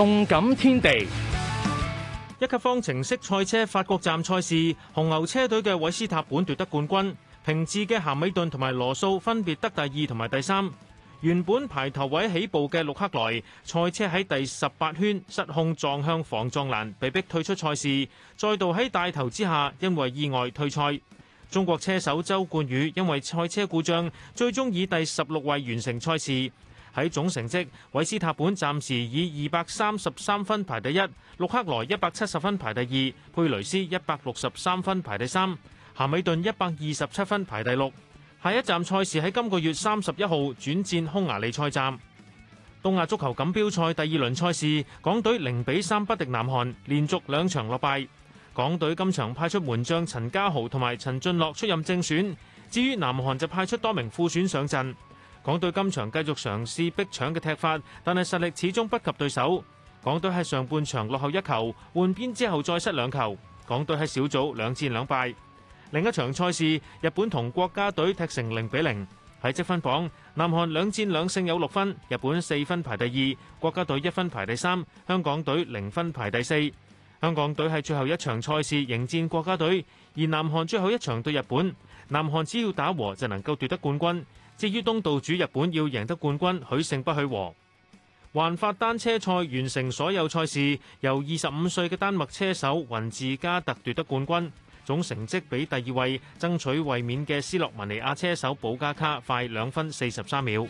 動感天地一級方程式賽車法國站賽事，紅牛車隊嘅韋斯塔本奪得冠軍，平治嘅夏美頓同埋羅素分別得第二同埋第三。原本排頭位起步嘅陸克萊賽車喺第十八圈失控撞向防撞欄，被逼退出賽事。再度喺帶頭之下，因為意外退賽。中國車手周冠宇因為賽車故障，最終以第十六位完成賽事。喺總成績，韋斯塔本暫時以二百三十三分排第一，陸克萊一百七十分排第二，佩雷斯一百六十三分排第三，夏美頓一百二十七分排第六。下一站賽事喺今個月三十一號轉戰匈牙利賽站。東亞足球錦標賽第二輪賽事，港隊零比三不敵南韓，連續兩場落敗。港隊今場派出門將陳家豪同埋陳俊樂出任正選，至於南韓就派出多名副選上陣。港隊今場繼續嘗試逼搶嘅踢法，但係實力始終不及對手。港隊喺上半場落後一球，換邊之後再失兩球。港隊喺小組兩戰兩敗。另一場賽事，日本同國家隊踢成零比零。喺積分榜，南韓兩戰兩勝有六分，日本四分排第二，國家隊一分排第三，香港隊零分排第四。香港隊喺最後一場賽事迎戰國家隊，而南韓最後一場對日本。南韓只要打和，就能夠奪得冠軍。至於東道主日本要贏得冠軍，許勝不許和。環法單車賽完成所有賽事，由二十五歲嘅丹麥車手雲治加特奪得冠軍，總成績比第二位爭取衛冕嘅斯洛文尼亞車手保加卡快兩分四十三秒。